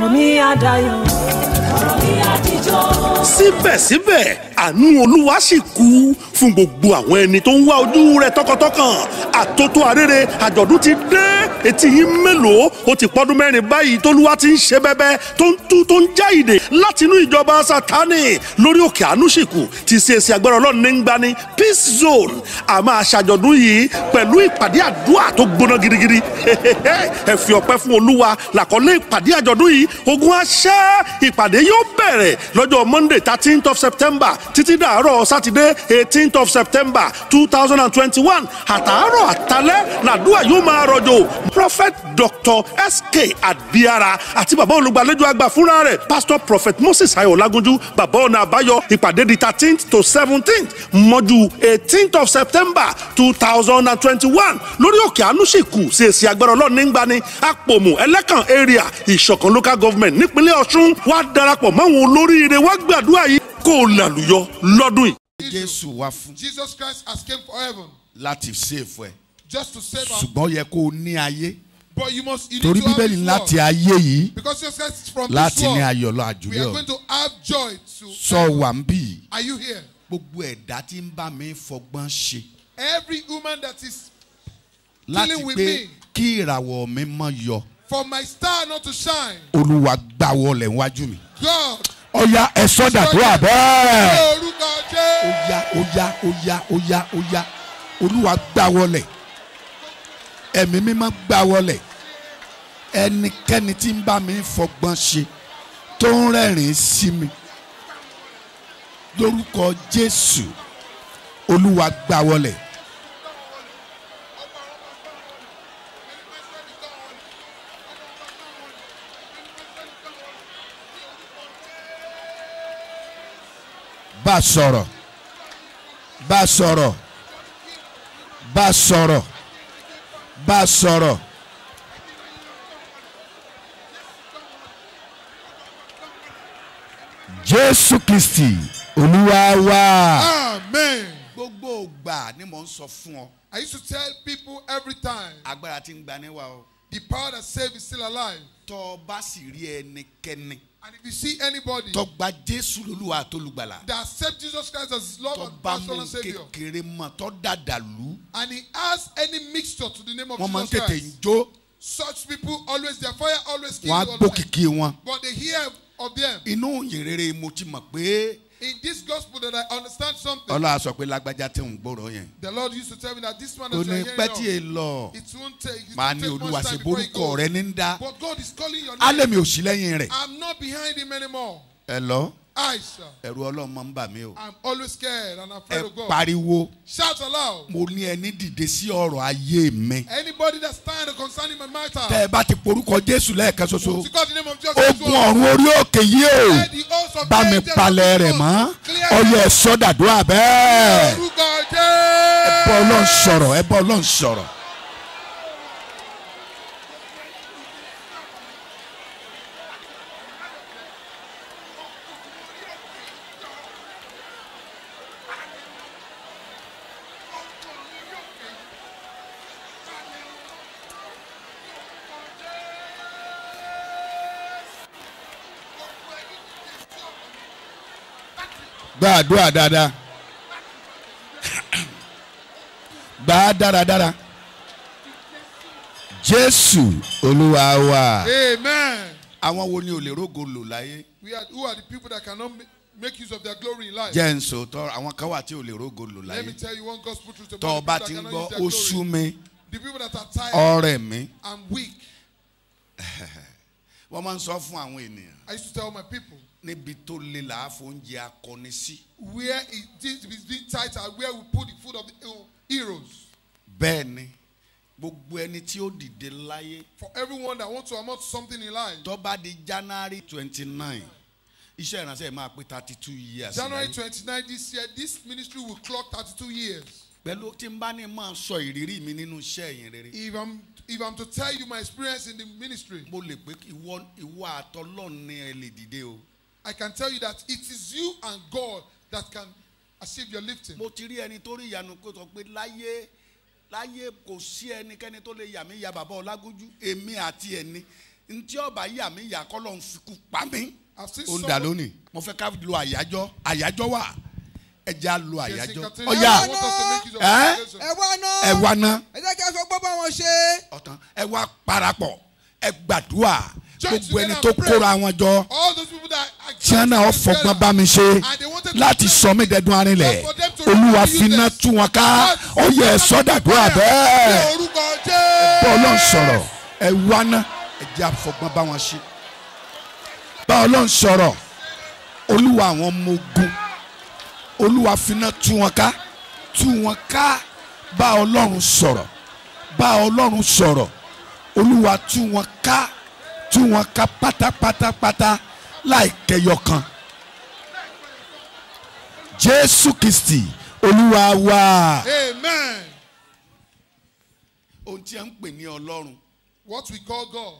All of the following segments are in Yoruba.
ọ̀rọ̀ mi á síbẹ̀síbẹ̀ àánú olúwa sì kú fún gbogbo àwọn ẹni tó ń wá ojú rẹ̀ tọkàntọkàn àtótó arére àjọ̀dún ti dé etí yín mélòó ó ti pọ́dún mẹ́rin báyìí tólúwa ti ń ṣe bẹ́bẹ́ tó ń tú tó ń já ìdè látinú ìjọba sátánì lórí òkè ànúṣìkù ti ṣe èsì agbára ọlọ́run ní gbani peace zone a máa ṣàjọ̀dún yìí pẹ̀lú ìpàdé àdúrà tó gbóná girigiri ẹ fi ọpẹ́ fún olúwa làkọlé ìpàdé àjọ̀dún yìí ogun àṣẹ ìpàdé yóò bẹ̀rẹ̀ lọ́jọ́ monday thirteenth of september títí dàárọ̀ sátidé eighteenth of september two thousand and twenty-one àtàárọ̀ àtalẹ́ làdúrà yóò máa rọ̀jò prophet dr sk adiara àti bàbá olùgbàlejò àgbà fúnra rẹ̀ pastor prophet moses ayọ̀ lagunjú bàbá ọ̀nà àbáyọ ìpàdé di thirteenth to seventeenth mọ́jú eighteenth of september two thousand and twenty-one lórí òkè ànúṣìkù sí èsì agbára ọlọ́run nígbà ni àpòmù ẹlẹ́kàn area ìṣọ̀kan local government nípínlẹ̀ ọ̀ṣun wàá darapọ̀ mọ́ àwọn olóríire wá gbàdúrà yìí kó o làlùyọ lọ́dún yìí. Jésù wá fún. Jesus Christ has came for heaven. Láti save ẹ. Just to save us. Ṣùgbọ́n yẹ kó o ní ayé. But you must you torí bíbélì ní láti ayé yìí láti ní ayọ̀ lọ àjùlọ sọ wà ń bì í gbogbo ẹ̀dá tí ń bá mi fọgbọ́n ṣe every woman that is dealing with me láti pé kí ìràwọ̀ mi mọ́ yọ for my star not to shine olúwa gbà wọlé wájú mi. God ọ̀ya ẹ̀sọ́ dàdúrà bẹ́ẹ̀ Oya, Oya, Oya, Oya, ọ̀ya olúwa gbà wọlẹ̀ ẹ̀mí mímọ́ gbà wọlẹ̀ ẹnikẹ́ni tí ń bá mi fọgbọ́n ṣe tó ń rẹ́rìn sí mi lórúkọ jésù olúwa gbà wọlẹ̀. bá sọ̀rọ̀ bá sọ̀rọ̀ bá sọ̀rọ̀ bá sọ̀rọ̀. jésù kristi olúwa wa. amen. gbogbo ìgbà ni mò ń sọ fún ọ. I used to tell people every time. agbára tí ń gbani wa o. The power that saves is still alive. Tọ́ bá sì rí ẹnikẹ́ni. And if you see anybody. Tó gba Jésù lólúwa àtolùgbàlà. That accept Jesus Christ as his Lord and personal saviour. Tó mú kékeré mọ̀ tó dàdàlú. And he adds any mixture to the name of Jesus Christ. Wọ́n máa ń tètè jó. Such people always their fire always kills all of Wọ́n á gbókìkí wọn. But they hear of them. Inú ìyìn mo ti mọ̀ pé in this gospel that I understand something. Ọlọ́run sọ pé lágbájá tí ń gbòòrò yẹn. The Lord used to tell me that this man is hearing now. Kò ní pẹ́ tí e lọ. It won't take it won't take much time before he goes. Màá ní olúwa ṣe borúkọ rẹ ní ń dá. But God is calling your name. Álẹ̀ mi ò sí lẹ́yìn rẹ̀. I'm not behind him anymore. Ẹ lọ ẹ̀rù ọlọ́run máa ń bà mí o. I'm always scared and afraid of God. ẹ pariwo. shout aloud. mo ní ẹni dìde sí ọ̀rọ̀ ayé mi. anybody that stand concerning my matter. tẹ ẹ bá ti porúkọ Jésù lẹ́ẹ̀kan ṣoṣo. ogun ọ̀run orí òkè yìí o. bá mi palẹ̀ rẹ̀ mọ́. ọyọ ẹ̀sọ́ dàdúrà bẹ́ẹ̀. ẹ bọ́ ọlọ́run sọ̀rọ̀ ẹ bọ́ ọlọ́run sọ̀rọ̀. gba àdúrà dáadáa gbà á dáradára jésù olúwa wa. amen. àwọn wo ni o lè rógo lò láyé. we are who are the people that cannot make use of their glory in life. jẹ́ n sòótọ́ àwọn kan wà tí ò lè rógo lò láyé. let me tell you one gospel truth about the people that cannot use their glory. tọ́ ọba ti ń gbọ́ ó mi. the people that are tired. ọrẹ mi. i'm weak. wọ́n máa ń sọ fún àwọn ènìyàn. i used to tell my people níbi tó le là á fóúnjẹ akọni sí. where it is between title? where we put the food of the uh, heroes. bẹ́ẹ̀ni gbogbo ẹni tí ó dìde láyé. for everyone that wants to amount something in life. tó bá di january twenty nine iṣẹ́ ìránṣẹ́ máa pé thirty two years. january twenty nine this year this ministry will clock thirty two years. pẹ̀lú tí n bá ní máa sọ ìrírí mi nínú iṣẹ́ ìyìn rere. if i'm if i'm to tell you my experience in the ministry. mo lè pé ìwọ ìwọ àtọlọ́ọ̀ ni ẹ lè dìde o. I can tell you that it is you and God that can achieve your lifting. Mo ti rí ẹni tó rí ìyanu kó sọ pé láyé láyé kò sí ẹnikẹ́ni tó lè yà mí ya bàbá Ọlágójú èmi àti ẹni ntí ọba yà mí ya kọ́lọ́ ń fikú pa mí. Ó ń dà lónìí. Mo fẹ́ ká lo àyájọ́ àyájọ́ wà ẹja lo àyájọ́ ọ̀yà ẹ̀wà náà náà ẹ jẹ́ kí a sọ gbọ́ bá wọn ṣe. ọ̀tàn ẹ wá parapọ̀ ẹ gbàdúrà gbogbo ẹni tó kóra wọn jọ tiẹ́ náà fọgbọ́n bá mi ṣe láti sọ mí dẹ́dun arinlẹ̀ olúwa finá tú wọn ká ọyẹ sọ́dàdúrà bẹ́ẹ̀ bọ́ọ̀lọ́ sọ̀rọ̀ ẹ wá ná ẹ jẹ́ àfọgbọ́n bá wọn ṣe bọ́ọ̀lọ́ sọ̀rọ̀ olúwa àwọn ọmọ ogun olúwa finá tú wọn ká tú wọn ká bá ọlọ́run sọ̀rọ̀ bá ọlọ́run sọ̀rọ̀ olúwa tú wọn ká tú wọn ká pátápátápátá láì kẹyọ kan jésù kristi olúwa wa. amen. ohun tí a ń pè ní ọlọ́run. what we call God.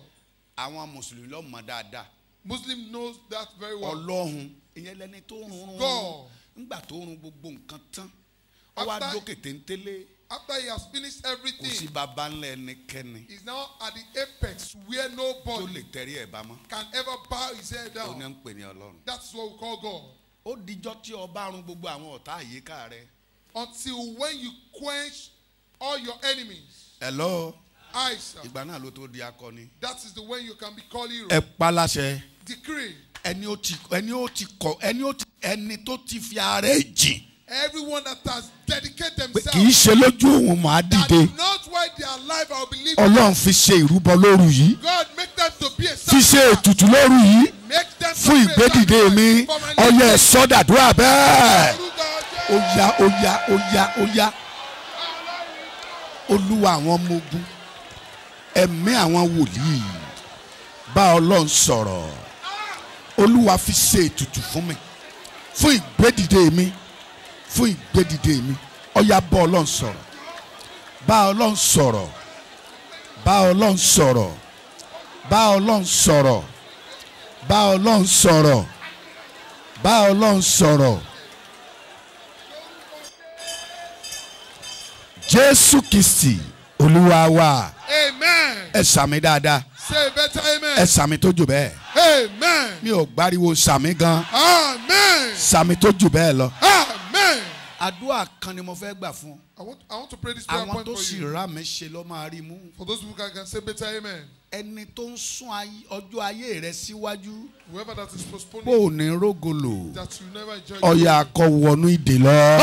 àwọn mùsùlùmí ló mọ̀ dáadáa. muslim knows that very well. ọlọ́run ìyẹn lẹni tó rún un nígbà tó rún gbogbo nǹkan tán ó wá dókè téńtélé after he has finished everything. kò sí baba ńlá ẹnikẹ́ni. he is now at the apex where nobody. tó lè tẹrí ẹ̀ bá mọ́. can ever bow his head down. ó ní ń pè ní ọlọ́run. that is what we call God. ó dijọ́ tí ọba run gbogbo àwọn ọ̀tá àyíká rẹ. until when you quench all your enemies. hello. aisha. ìgbà náà ló tó di akọni. that is the way you can be called hero. ẹ pa decree. ẹni ó ti ẹni ó ti kọ ẹni ó ti ẹni tó ti fi ààrẹ jìn. Everyone that has dedicated themselves. Kì í ṣe lójú òun màá dìde. That is not why they are alive I believe. Ọlọ́run fi ṣe ìrúbọ lóru yìí. God make them to be a sacrifice. Fi ṣe ètùtù lóru yìí. Make them to be a sacrifice. Fún ìgbédìde mi, ọyẹ sọ́dàdúrà bẹ́ẹ̀. Ó yá ó yá ó yá ó yá. Olúwa àwọn ọmọ ogun, ẹ̀mí àwọn wòlíì, bá Ọlọ́run sọ̀rọ̀. Olúwa fi ṣe ètùtù fún mi, fún ìgbédìde mi fún ìgbédìde mi ọ̀yá bá ọlọ́run sọ̀rọ̀ bá ọlọ́run sọ̀rọ̀ bá ọlọ́run sọ̀rọ̀ bá ọlọ́run sọ̀rọ̀ bá ọlọ́run sọ̀rọ̀ bá ọlọ́run sọ̀rọ̀ jésù kìsì olúwa wa ẹ sàmì dáadáa ẹ sàmì tó jù bẹ́ẹ̀ mi ò gbáriwo sàmì gan sàmì tó jù bẹ́ẹ̀ lọ àdúrà kan ni mo fẹ́ gbà fún ọ. I want to pray this prayer point for you. àwọn tó sì rà mí ṣe lọ́ máa rí mú. for those who can, can say better amen. ẹni tó ń sún ọjọ́ ayé rẹ síwájú. whoever that is postponing. bó ní rógolo. that you never enjoy. ọ̀yà akọ wọnú ìdè lọ. ò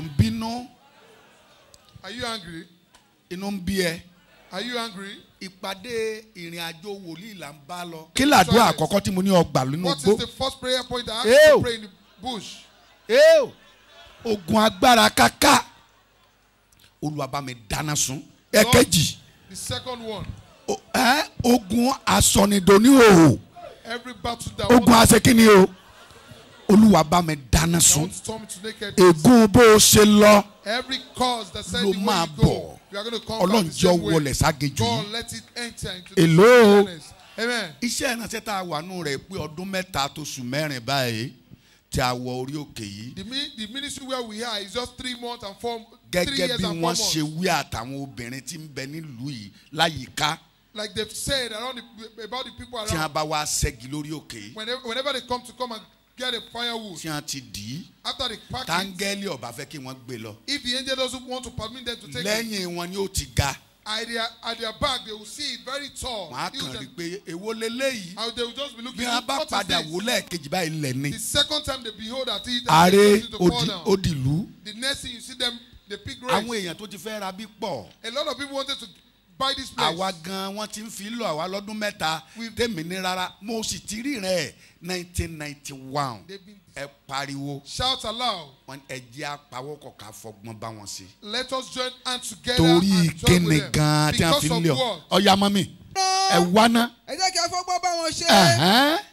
ń bínú. are you angry? inú ń bí ẹ. Are you angry? Ìpàdé ìrìn àjò wòlíì là ń bá lọ. Kí làdúrà àkọ́kọ́ tí mo ní ọgbà nínú igbó? What is the first prayer point I have to pray in the bush? Eo ogun agbára kaka Olúwa bá mi dáná sun. Ẹ̀kejì. The second one. Ogun asọ̀nìdò ní òhò. Every battle that. Ogun asekínni o. Olúwa bá mi dáná sun dáná sun ègún bó o ṣe lọ ló máa bọ̀ ọlọ́njọ́ wọlé ságejù yìí èlò iṣẹ́ ìránṣẹ́ tá a wà nù rẹ̀ pé ọdún mẹ́ta tó sùn mẹ́rin báyìí tí a wọ orí òkè yìí. the mean the ministry where we are is just three months and four three years and four months. gẹ́gẹ́ bí wọ́n ṣe wí àtàwọn obìnrin tí ń bẹ nílùú yìí láyìíká. like they said around the, about the people around. tí wọ́n bá wá ṣẹ́gi lórí òkè whenever they come to come and get a firewood. tí wọ́n ti dì after the packing. tangeli ọba fẹ́ kí wọ́n gbé lọ. if the angel doesn't want to permit them to take Lẹ́yìn it. wọn ni ó ti ga. at their at their back they will see it very tall. wọ́n á kàn rí pé èwo leléyìí. and they will just be looking at what is this. bí wọ́n bá padà wò lẹ́ẹ̀kejì báyìí lẹ̀ ni. the second time they behold at it. ààrẹ òdìlú. the next thing you see them they pick rice. àwọn èèyàn tó ti fẹ́ ra pọ̀. a lot of people wanted to occupy this place. àwa gan wọn ti ń fi lọ àwa lọ́dún mẹ́ta tèmi ní rárá mo sì ti rí rẹ̀ nineteen ninety one ẹ pariwo. shout aloud. wọn ẹ jẹ́ apawọ́kọ̀ ká fọgbọ́n bá wọn sí. let us join hands together and join with them. torí kíni gan-an tí a fi ń lọ ọ̀ya mọ́ mi ẹ wá ná. ẹ jẹ́ kí a fọgbọ́n bá wọn ṣe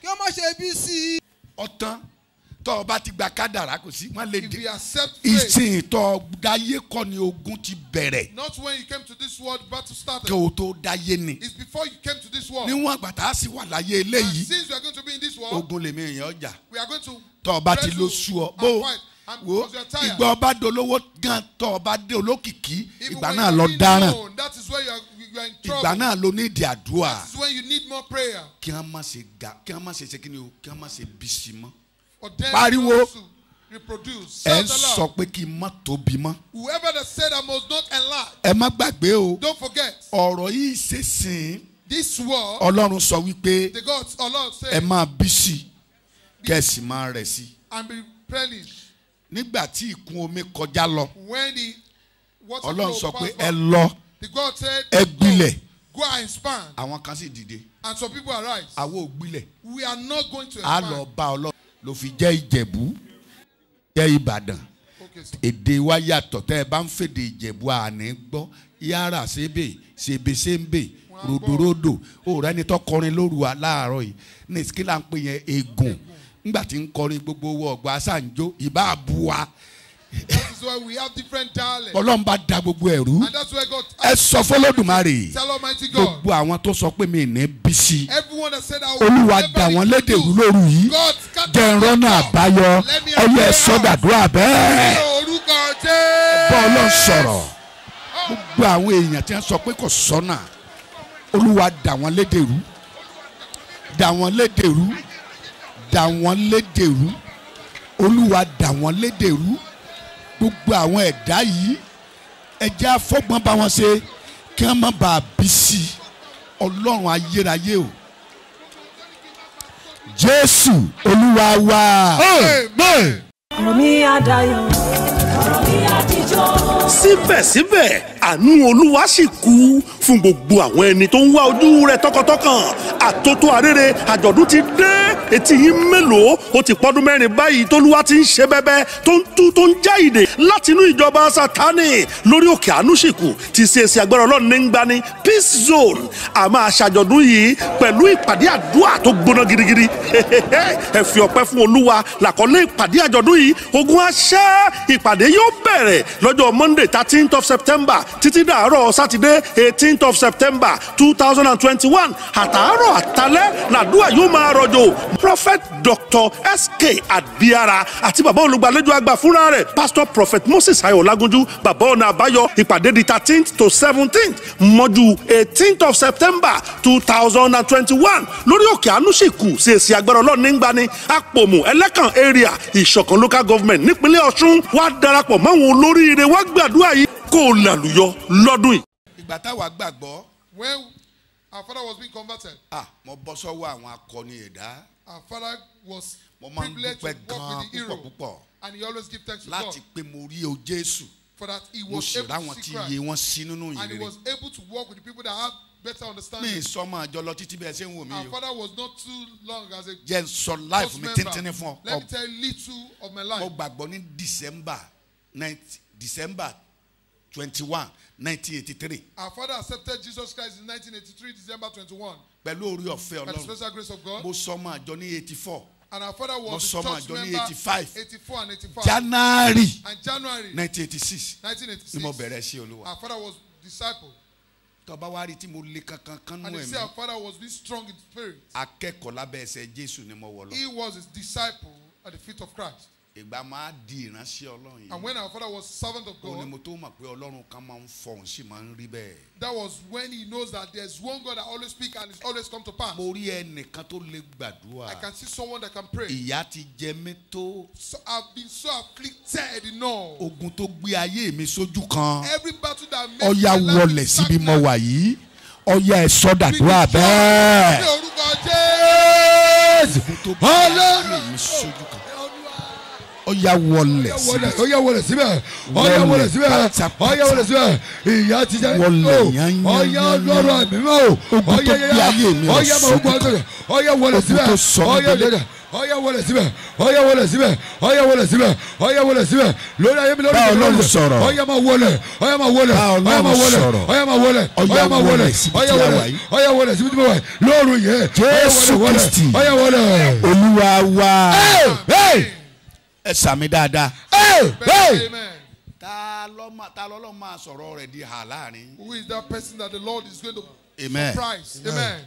kí wọ́n má ṣe bí sí i. ọ̀tán tọ́ ọ bá ti gba kádàrá kò sí má lè dé ìsìn tọ́ dáyé kọ́ ni ogun ti bẹ̀rẹ̀. not when you came to this world battle started. kí o tó dáyé ni. it's before you came to this world. sì wà láyé eléyìí. since you are going to be in this world. ogun lèmi èèyàn ọjà. we are going to. tọ́ ọ bá ti lo sú ọ bó wo ìgbà ọba dolówó gan tọ́ ọba dé olókìkí ìgbà náà lọ dáràn ìgbà náà ló ní ìdí àdúrà kí wọ́n má ṣe ga kí wọ́n má ṣe ṣe kí wọ́n má ṣe bí pariwo ẹ ń sọ pé kí n má tóbi mọ́. whoever that said I must not enlarge. ẹ má gbàgbé o. don't forget. ọ̀rọ̀ yìí ṣe sìn. this word. ọlọ́run sọ wípé. the gods, ọlọ́run say. ẹ máa bí sí i kẹ́sì máa rẹ̀ sí and be replenished. nígbà tí ìkún omi kọjá lọ. when the water flow pass by. ọlọ́run sọ pé ẹ lọ. the God said. ẹ gbilẹ̀. go and expand. àwọn kan sì dìde. and some people arise. àwọn gbilẹ̀. we are not going to expand. a lọ bá ọlọ́run ló fi jẹ́ ìjẹ̀bú jẹ́ ìbàdàn èdè wa yàtọ̀ tẹ́ ẹ bá ń fèdè ìjẹ̀bú àní gbọ́ yàrá sébè sèbè sèbè ròdòròdò òòrùn ẹni tó kọrin lóru wa láàárọ̀ yìí ní kí là ń pè yẹn ègùn nígbà tí ń kọrin gbogbo wọ ọgbà sáà ń jó ìbá bu that is why we have different dialects. ọlọ́run bá da gbogbo ẹ̀rú. and that's why God. ẹ sọ fọlọ́dùmarè. tell almighty God. gbogbo àwọn tó sọ pé mi ní bísí. everyone that said that. olúwa dà wọ́n lédè rú lóru yìí. God scatter the crowd. jẹ̀rán àbáyọ ọlọ́ ẹ sọ dàdúrà bẹ́ẹ̀. orúkọ jẹ́. bọ́ ọlọ́run sọ̀rọ̀ gbogbo àwọn èèyàn tí wọ́n sọ pé kò sọ́nà olúwa dà wọ́n lédè rú dà wọ́n lédè rú dà wọ́n lédè rú olúwa dà wọ́n lédè rú gbogbo àwọn ẹ̀dá yìí ẹ̀jẹ̀ afọ́gbọ́n bá wọn ṣe kí wọ́n má bàa bí sí ọlọ́run ayérayé o jésù olúwa wa. àmì àdáyọ̀ àmì àtijọ́. síbẹ̀síbẹ̀ àánú olúwa sì kú fún gbogbo àwọn ẹni tó ń wá ojú rẹ̀ tọkàntọkàn àtótó arére àjọ̀dún ti dé etí yín mélòó ó ti pọ́dún mẹ́rin báyìí tólúwa ti ń ṣe bẹ́bẹ́ tó ń tú tó ń já ìdè látinú ìjọba sátánì lórí òkè ànúṣìkù ti ṣe èsì agbára ọlọ́run ní gbani peace zone a máa yìí pẹ̀lú ìpàdé àdúrà tó gbóná girigiri ẹ fi ọpẹ́ fún olúwa làkọlé ìpàdé àjọ̀dún yìí ogun àṣẹ ìpàdé yóò bẹ̀rẹ̀ lọ́jọ́ monday thirteenth of september títí dàárọ̀ sátidé eighteenth of september two thousand and twenty-one àtàárọ̀ àtalẹ́ làdúrà yóò máa rọ̀jò prophet dr sk abiara àti bàbá olùgbàlejò àgbà fúnra rẹ̀ pastor prophet moses ayọ̀ lagunjú bàbá ọ̀nà àbáyọ ìpàdé di thirteenth to seventeenth mọ́jú eighteenth of september two thousand and twenty-one lórí òkè ànúṣìkù ṣèṣì agbára ọlọ́run nígbà ni àpòmù ẹlẹ́kàn area ìṣọ̀kan local government nípínlẹ̀ ọ̀ṣun wàá darapọ̀ mọ́ àwọn olóríire wàá gbàdúrà yìí kó o làlùyọ lọ́dún yìí. ìgbà táwa gbàgbọ́. when our father was being converted. ah mo bọ́ sọ́wọ́ àwọn akọni ẹ̀dá. our father was privileged to work with the hero. púpọ̀ and he always give thanks to God. láti pé mo rí o Jésù. for that he was able to see Christ. mo sì ráwọn tí iye wọn sí nínú ìrere. and he was able to work with the people that have better understanding. mi sọmọ àjọ lọ títí bẹ́ẹ̀ ṣe ń wò mí o. our father was not too long as a. jẹ sọ life mi tíntìnní fún ọ. let me tell you little of my life. mo gbàgbọ́ ní December night December 21 1983. Our father accepted Jesus Christ in 1983 December 21. Pẹ̀lú orí ọ̀fẹ́ Ọlọ́run. By the special grace of God. Mo sọ ọmọ àjọ ní 84. And our father was a church member 85, 84 and 85. January. And January. 1986. 1986. Ni mo bẹ̀rẹ̀ sí Olúwa. Our father was disciple. Tọ́ba wa rí tí mo le kankan kan ẹ̀mí. And he said our father was this strong in spirit. Akẹ́kọ̀ọ́ lábẹ́ ẹsẹ̀ Jésù ni mo wọ̀ lọ. He was his disciple at the feet of Christ ìgbà máa di ìránṣẹ́ ọlọ́run yìí. and when our father was servant of God. ó mo tó mọ̀ pé ọlọ́run kan máa ń fọ òun sì máa ń rí bẹ́ẹ̀. that was when he knows that there is one God that always speak and it always come to pass. mo rí ẹnìkan tó lè gbàdúrà. I can see someone that can pray. ìyà ti jẹ mí tó. so I have been so afflicted enough. ogun tó gbé ayé mi sójú kan. every battle that makes my life ọya wọlẹ̀ síbi mo wà yìí ọya ẹ̀ sọ́dàdúrà bẹ́ẹ̀. ogun tó gbé ayé mi sójú kan ọ̀yà wọlé síbẹ̀ ọ̀yà wọlé síbẹ̀ ọ̀yà wọlé síbẹ̀ ọ̀yà wọlé síbẹ̀ ìyá ti jẹ́ o ọ̀yà lọ́rọ̀ mi mọ́ o ọ̀yà yẹyà ọ̀yà mọ̀ ogun ọ̀sẹ̀ ọ̀yà wọlé síbẹ̀ ọ̀yà lọ́rọ̀ ọyẹ wọlé síbẹ̀ ọyẹ wọlé síbẹ̀ ọyẹ wọlé síbẹ̀ ọyẹ wọlé síbẹ̀ lórí ayé mi lórí ayé mi lórí sọ̀rọ̀ ọyẹ ma wọlé ọyẹ ma wọlé ọyẹ ma wọlé ọyẹ ma wọlé ọyẹ ma wọlé ọyẹ wọlé ọyẹ wọlé síbi tí mo wà lóru yẹ Jésù Kristi ọyẹ wọlé Olúwa wa ẹ sàmì dáadáa. ta lọ́lọ́ máa sọ̀rọ̀ rẹ̀ di hà láàrin. who is that person that the Lord is going to Amen. surprise. Amen.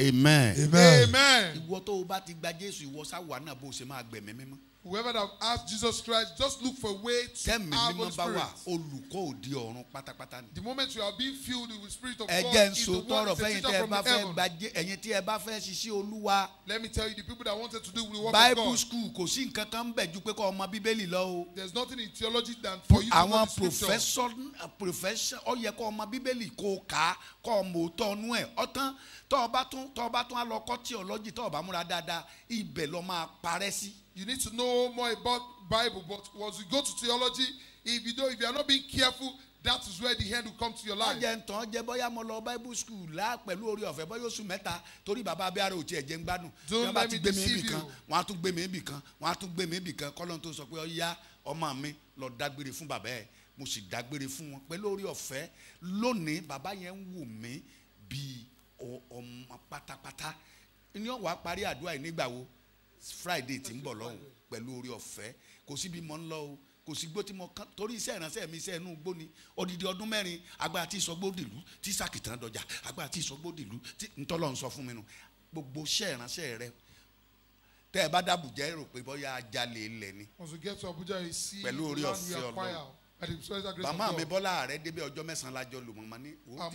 Amen. Amen. Amen. Ìwọ tó o bá ti gba Jésù ìwọ sáwà náà bó o ṣe máa gbẹ̀mí mímọ́ whoever that asked Jesus Christ just look for a way to Kẹ́mi mímọ́ bá wà olùkọ́ òdi ọ̀run pátápátá ni. the moment you are being filled with the spirit of God Again, is the one is the teacher from the heaven. ẹ̀yin tí ẹ bá fẹ́ ṣiṣẹ́ olúwa. let me tell you the people that wanted to do with the work Bible of God. Bible school kò sí nǹkan kan bẹ̀ ju pé kọ́ ọmọ bíbélì lọ o. there is nothing in theology than for you to know the scripture. àwọn professor ó yẹ kọ́ ọmọ bíbélì kó kà á kọ́ ọmọ òótọ́ ọnú ẹ̀ ọ̀tán tọ́ ọba tún tọ́ ọba tún á lọ kọ́ theology tọ́ ọba múra dáadáa ibẹ̀ lọ máa parẹ́ sí you need to know more about Bible. But once you go to theology, if you don't, if you are not being careful, that is where the end will come to your life. ọjẹ ntọ́ bọ́yá mo lọ bible school lá pẹ̀lú orí ọ̀fẹ́ bọ́yá oṣù mẹ́ta torí bàbá abiyarọ ò tiẹ̀ ń gbádùn. don't let me deceive you. wọ́n á tún gbé mi ibì kan á tún gbé mi ibì kọ́lọ́n tó sọ pé ó ọmọ mi lọ dágbére fún bàbá ẹ̀ mo sì dágbére fún wọn pẹ̀lú orí ọ̀fẹ́ lónìí bàbá yẹn ń wò mí bíi ọmọ pátápátá ni ó wá parí àdúrà yìí nígbà wo friday tí ń bọ̀ lọ́hùn pẹ̀lú orí ọ̀fẹ́ kò síbi mọ́ ń lọ o kò sí gbó tí mo kán torí iṣẹ́ ìránṣẹ́ mi iṣẹ́ inú gbó ni odidi ọdún mẹ́rin agbára tí ìsọgbódìlú tí sàkìtàn dọjà agbára tí ìsọgbódìlú tí ntọ́lọ́ ń sọ fún mi nu gbogbo iṣẹ́ ìránṣẹ́ rẹ tẹ́ ẹ bá dàbùjẹ́ rò pé bóyá ajalè ilẹ̀ ni. once you get to Abuja you see we acquire màmá mi bọ́lá rẹ̀ débi ọjọ́ mẹ́sàn-án lájọ lò mọ́ ní o ah,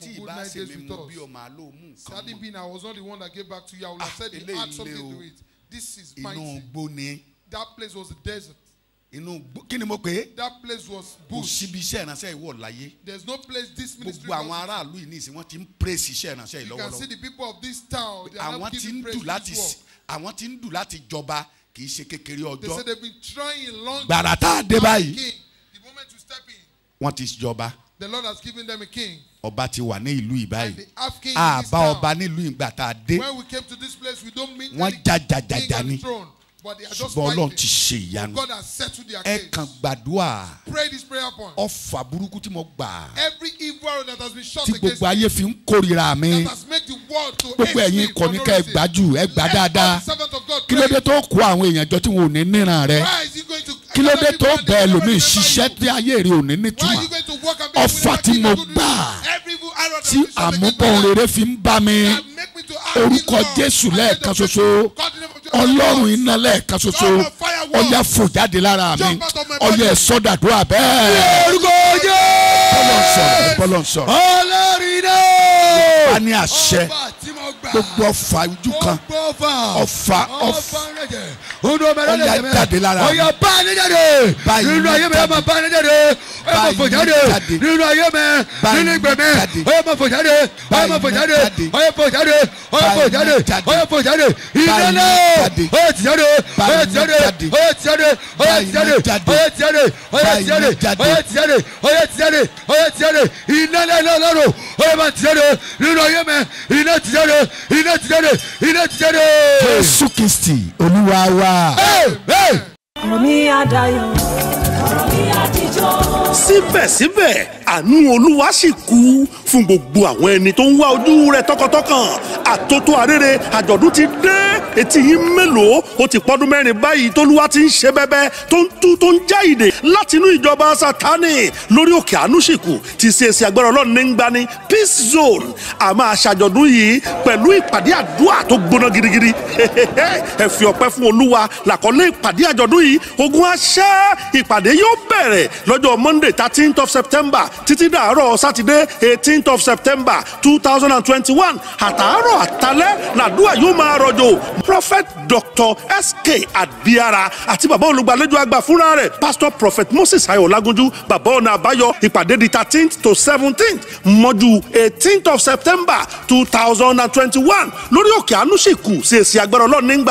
tí ìbá ṣe mi tí ìbá ṣe mi mo bí ọmọ àlọ́ mú nǹkan mọ́ ah eléyìí lé o inú gbó ni inú kí ni mo pè é. that place was bush. kò síbi iṣẹ́ ìránṣẹ́ ìwọ láyé. there is no place this ministry. gbogbo àwọn aráàlú yìí ní ìsìn ti ń praise iṣẹ́ ìránṣẹ́ ìlọ́wọ́lọ́wọ́. you can see the people of this town. they are now giving praise to God. àwọn ti ń dùn láti jọba kì í ṣe kékeré ọjọ́ gbàrà tá a dé báyìí wọ́n ti jọba ọba ti wà ní ìlú ìbáyìí àbá ọba nílùú ìgbà tá a dé wọ́n jajajaja ni ṣùgbọ́n ọlọ́run ti ṣe ìyanu ẹ kàn gbàdúrà ọfà burúkú tí mo gbà tí gbogbo ayé fi ń kórira mi gbogbo ẹ̀yin kọ́ ní ká ẹ gbájú ẹ gbá dáadáa kí ló dé tó kó àwọn èèyàn jọ tí wọn ò ní níran rẹ kí ló dé tó bẹ́ẹ̀ lómi ṣiṣẹ́ tí ayé rẹ ò ní nítumọ̀ ọ̀fà tí mo gbà tí àmúbọ̀n rere fi ń bá mi orúkọ Jésù lẹ́ẹ̀kan ṣoṣo ọlọ́run iná lẹ́ẹ̀kan ṣoṣo ọyá fò jáde lára mi ọyá ẹ̀sọ́dàdúrà bẹ́ẹ̀. orúkọ Jésù bọ́lọ̀ sọ̀rọ̀ bọ́lọ̀ sọ̀rọ̀ ọlọ́run iná. ìbáni àṣẹ gbogbo ọfà ojú kan ọfà ọfà ọyà jáde lára ọyà bá ní jáde nínú ayé mi ọmọ bá ní jáde ọyà máa fò jáde nínú ayé mi nínú ìgbẹ́ mi ọyà máa fò jáde ọyà máa fò jáde ọyà fò jáde ọyà fò jáde ọyà fò jáde ìdáná ọyà ti jáde ọyà ti jáde ọyà ti jáde ọyà ti jáde ọyà ti jáde ọyà ti jáde ọyà ti jáde ọyà ti jáde ọyà ti jáde ìdáná ìdáná ọlọ́run ọyà máa ti jáde nínú ayé mi ìdáná ti jáde iná ti jáde iná ti jáde. jésù kristi olúwa wa. ọ̀rọ̀ mi á dayọ̀ ọ̀rọ̀ mi á dijọ́. síbẹ̀síbẹ̀ àánú olúwa sì kú fún gbogbo àwọn ẹni tó ń wá ojú rẹ̀ tọkàntọkàn àtótó arére àjọ̀dún ti dé etí yín mélòó ó ti pọ́dún mẹ́rin báyìí tólúwa ti ń ṣe bẹ́bẹ́ tó ń tú tó ń já ìdè látinú ìjọba sátánì lórí òkè ànúṣìkù ti ṣe èsì agbára ọlọ́run ní ń gbani peace zone a máa yìí pẹ̀lú ìpàdé àdúrà tó gbóná girigiri ẹ fi ọpẹ́ fún olúwa làkọ́lé ìpàdé àjọ̀dún yìí ogun àṣẹ ìpàdé yóò bẹ̀rẹ̀ lọ́jọ́ monday thirteenth of september títí dàárọ̀ sátidé eighteenth of september two thousand and twenty-one àtàárọ̀ àtàlẹ́ làdúrà yóò máa rọ̀jò prophet dr sk adiara àti bàbá olùgbàlejò àgbà fúnra rẹ̀ pastor prophet moses ayọ̀ lagunjú bàbá ọ̀nà àbáyọ ìpàdé di thirteenth to seventeenth mọ́jú eighteenth of september two thousand and twenty-one lórí òkè ànúṣìkù sí èsì agbára ọlọ́ọ̀ni ń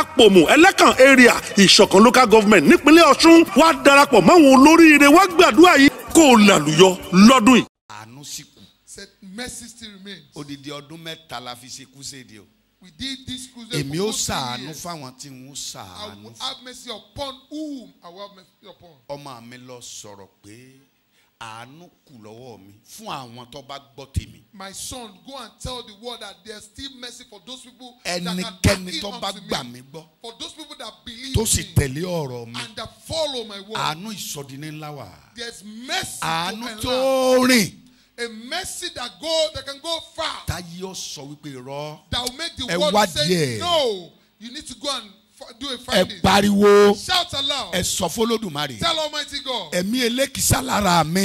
àpòmù ẹlẹ́kàn area ìṣọ̀kan local government nípínlẹ̀ ọ̀ṣun wàá darapọ̀ mọ́ àwọn olóríire wàá gbàdúrà yìí kó o làlùyọ lọ́dún yìí. àánú sì kù. said mercy still remains. odidi ọdún mẹ́ta la fi ṣe kúṣèdè o. we did this crusade èmi ó ṣàánú fáwọn tí n ó ṣàánú. I will have mercy upon whom I will have mercy upon. ọmọ mi lọ sọ̀rọ̀ pé àánú kù lọ́wọ́ mi fún àwọn tó bá gbọ́ tèmi. my son go and tell the world that there is still mercy for those people. ẹnikẹ́ni tó bá gbà mí gbọ́. for those people that believe me. tó sì tẹ̀lé ọ̀rọ̀ mi. and that follow my word. àánú ìsọdini ńlá wà. there is mercy to enlarge. àánú tó rìn. a mercy that go that can go far. táyé ó sọ wípé rọ. that will make the world say no you need to go and ẹ pariwo ẹ sọ fọlọ́dùmarè ẹ̀mí elékisá lára mi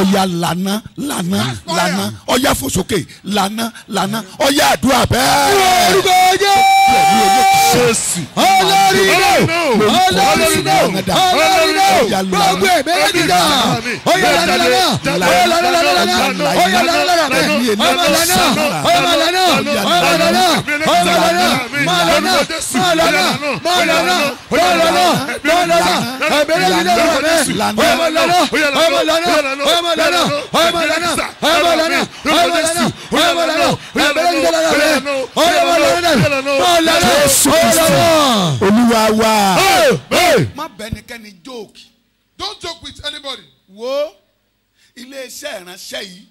ọ̀yà Lana, Lana. lànà ọ̀yà fòsókè Lana, Lana. ọ̀yà àdúrà bẹ́ẹ̀ jésù olórí náà olórí náà olórí náà gbogbo ẹ̀mí ẹ̀dídà oyè lánàá oyè lánàá oyè lánàá ọmọ lánàá ọmọ lánàá ọmọ lánàá ọmọ lánàá mọ lánàá mọ lánàá mọ lánàá mọ lánàá mọ lánàá ẹ̀mí ẹ̀dídà ọmọ lánàá ọmọ lánàá ọmọ lánàá ọmọ lánàá ọmọ lánàá ọmọ lánàá ọmọ lánàá ẹ̀mí ẹ̀dídà ọmọ lánàá ọmọ lánàá mọ lánàá kristi olúwa wa. má bẹ ẹnikẹ́ni don't joke with anybody. wo iléeṣẹ́ ìránṣẹ́ yìí.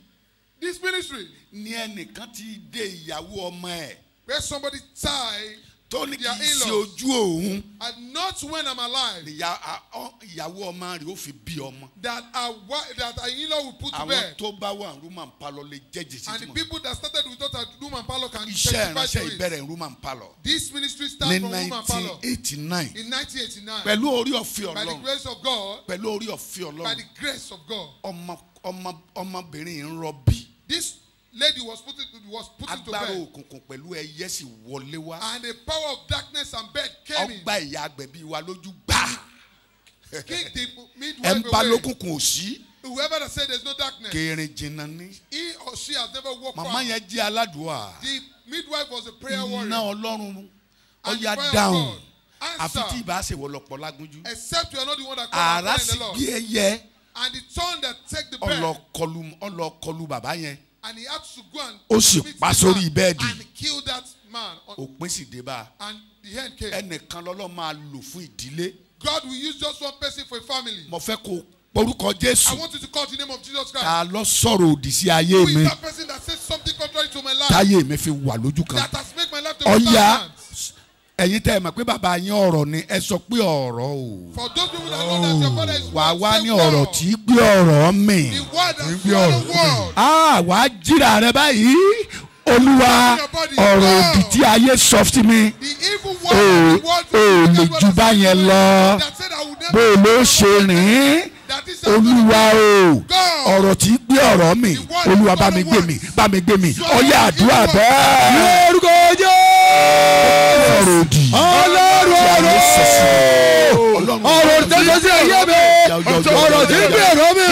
this ministry. ni ẹnìkan ti dé ìyàwó ọmọ ẹ̀. where somebody tie tó ní kì í ojú òun. and not when I'm alive. ìyàwó ọmọ rẹ̀ ó fi bí ọmọ. that our that our in-law will put to bed. àwọn tó bá wà room and lè jẹ́jì sí ti mọ̀. and the people that started with daughter room and can testify to it. iṣẹ́ ìránṣẹ́ ìbẹ̀rẹ̀ room and this ministry started from room and parlour. ní 1989. in 1989. pẹ̀lú orí ọ̀fẹ́ Ọlọ́run. by the grace of God. pẹ̀lú orí ọ̀fẹ́ Ọlọ́run. by the grace of God. ọmọ ọmọ ọmọbìnrin ń rọbí. this lady was put it was put to bed. agbára òkùnkùn pẹ̀lú ẹyẹ sì wọlé wá. and the power of darkness and bed came in. ọgbà ìyá agbẹ̀bí wa lójú gbà. kick the midwife away. ẹ̀ ń bá lókùnkùn whoever that said there is no darkness. kẹrin jìnnà ni. he or she has never walked far. màmá yẹn jẹ́ aládùúwà. the midwife was a prayer warrior. iná ọlọ́run ọya dáhùn àfi tí ìbá ṣe wọlọpọ lágúnjú. except you are not the one that called upon the lord. ara sì gbé ẹyẹ. and the tongue that take the bed. ọlọkọlu ọlọkọlu bàbá yẹn ó sì pa sórí bẹ́ẹ̀dì òpin sì dé bá a ẹnìkan lọ́lọ́ máa lò fún ìdílé. God will use just one person for a family. mo fẹ́ kó orúkọ Jésù. I want you to call the name of Jesus Christ. ta ló sọ̀rọ̀ òdì sí ayé mi. that person that says something contrary to my life. táyé mi fi wà lójú kan. that has made my life to be bad man. ọ̀ya ẹ̀yin tẹ́ ẹ mọ̀ pé bàbá yín ọ̀rọ̀ ni ẹ sọ pé ọ̀rọ̀ o. for those people that know that your father is wà wá ní ọ̀rọ̀ tí gbé ọ̀rọ̀ mi. the word that gbé ọ̀rọ̀ mi. a wàá jíra rẹ báyìí olúwa ọ̀rọ̀ òdì tí ayé sọ sí mi ò ò lè ju báyẹn lọ bó o ló ṣe rìn olúwa o ọ̀rọ̀ tí gbé ọ̀rọ̀ mi olúwa bá mi gbé mi bá mi gbé mi ọ̀yá àdúrà bẹ́ẹ̀. lórúkọ jẹ́ ọ̀rọ̀ òdì. ọlọ́run ọ̀rọ̀ ọ̀rọ̀ tẹ́tọ́ sí ẹ̀yẹ́ mi ọ̀rọ̀ tí ń bẹ̀rọ mi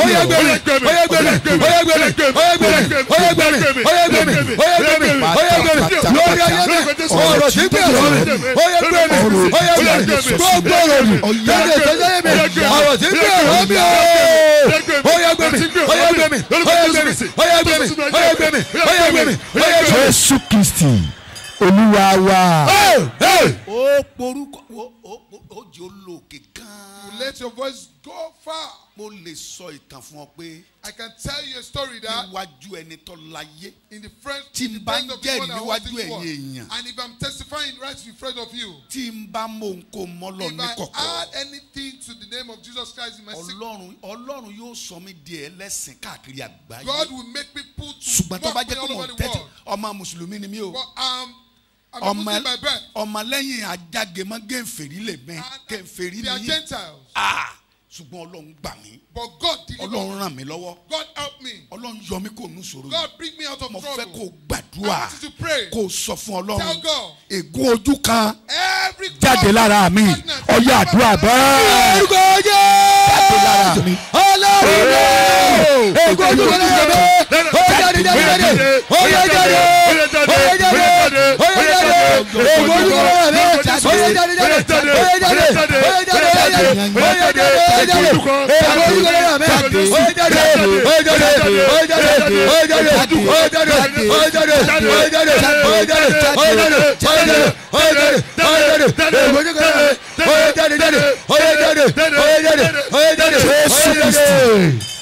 oyè gbèrè oyè gbèrè oyè gbèrè oyè gbèrè oyè gbèrè oyè gbèrè oyè gbèrè oyè gbèrè lórí ayé mi ọ̀rọ̀ tí ń bẹ̀rọ mi oyè gbèrè oyè gbèrè gbogbo ọ̀rọ̀ mi tẹ́tọ́ sí ẹ̀yẹ́ mi ọ̀rọ̀ tí ń bẹ̀rọ mi oyè gbèrè oyè gbèrè oyè gbèrè oyè gbèrè oyè gbèrè oyè gbèrè. Jésù Kristi olúwa wa. ó porúkọ ó jẹ́ olóòkè gan let your voice go far. mo lè sọ ìtàn fún ọ pé. I can tell you a story that. iwájú ẹni tó láyé. in the front tí n bá ń jẹ́rìí níwájú ẹ̀yìn èèyàn. and if I'm testifying right in front of you. tí n bá mọ nǹkan mọ́lọ ní kọ̀kọ̀. if I add anything to the name of Jesus Christ in my sick. ọlọ́run ọlọ́run yóò sọ mí di ẹlẹ́sìn káàkiri àgbáyé. God will make me put to ṣùgbọ́n tó bá jẹ́ pé mo tẹ́tí ọmọ mùsùlùmí ni mí o. but I'm um, ọmọ ọmọlẹ́yìn ajágemọ́ gẹ̀ǹfèrí lè mẹ́ gẹ̀ǹfèrí ni yín ṣùgbọ́n ọlọ́run gbà mí ọlọ́run ràn mí lọ́wọ́ ọlọ́run yọ mí kò nù sòrò yìí mo fẹ́ kó gbàdúrà kó sọ fún ọlọ́run ègún ojú kan jáde lára mi ọyẹ àdúrà bẹ́ẹ̀ jáde lára mi ọlọ́run ègún ojú kan jáde lára mi.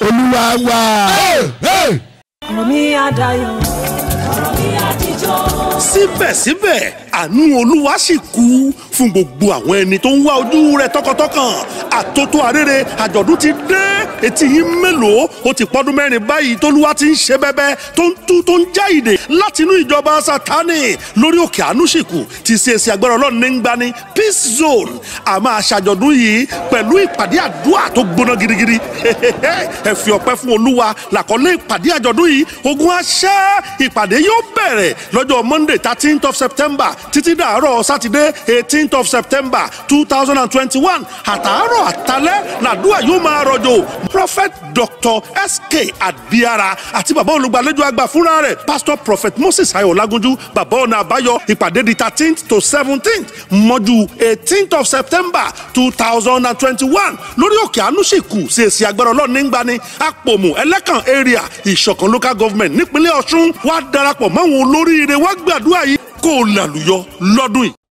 Olúwa wa. ọ̀rọ̀ mi á dayọ̀ ọ̀rọ̀ mi á dijọ́. síbẹ̀síbẹ̀ àánú Olúwa sì kú fún gbogbo àwọn ẹni tó ń wá ojú rẹ̀ tọkàntọkàn àtótó arére àjọ̀dún ti dé etí yìí mélòó ó ti pọ́dún mẹ́rin báyìí tólúwa ti ń ṣe bẹ́bẹ́ tó ń tú tó ń já ìdè látinú ìjọba sátani lórí òkè ànúṣìkù ti ṣe èsì agbára ọlọ́run ní ń gbani peace zone àmọ́ àṣàjọ̀dún yìí pẹ̀lú ìpàdé àdúrà tó gbóná gidigidi ẹ fi ọpẹ́ fún olúwa làkọlé ìpàdé àjọ̀dún yìí ogun àṣẹ ìpàdé yóò bẹ̀rẹ̀ lọ́jọ́ monday thirteenth of september títí dàárọ̀ sátidé eighteen 10th of september 2021. thousand and twenty-one àtàárọ̀ àtalẹ́ làdúrà yóò máa rọ̀jò prophet dr sk adiara àti bàbá olùgbàlejò àgbà fúnra rẹ̀ pastor prophet moses ayọ̀ lagunjú bàbá ọ̀nà àbáyọ ìpàdé di thirteenth to th mọ́jú eighteenth of september two thousand and twenty-one lórí òkè ànúṣìkù sí èsì agbára ọlọ́ọ̀ni ń gbani àpòmù ẹlẹ́kàn area ìṣọ̀kan local government nípínlẹ̀ ọ̀ṣun wàá darapọ̀ mọ́ àwọn olóríire wàá gbàdúrà yìí kó o làlùyọ lọ́dún yìí.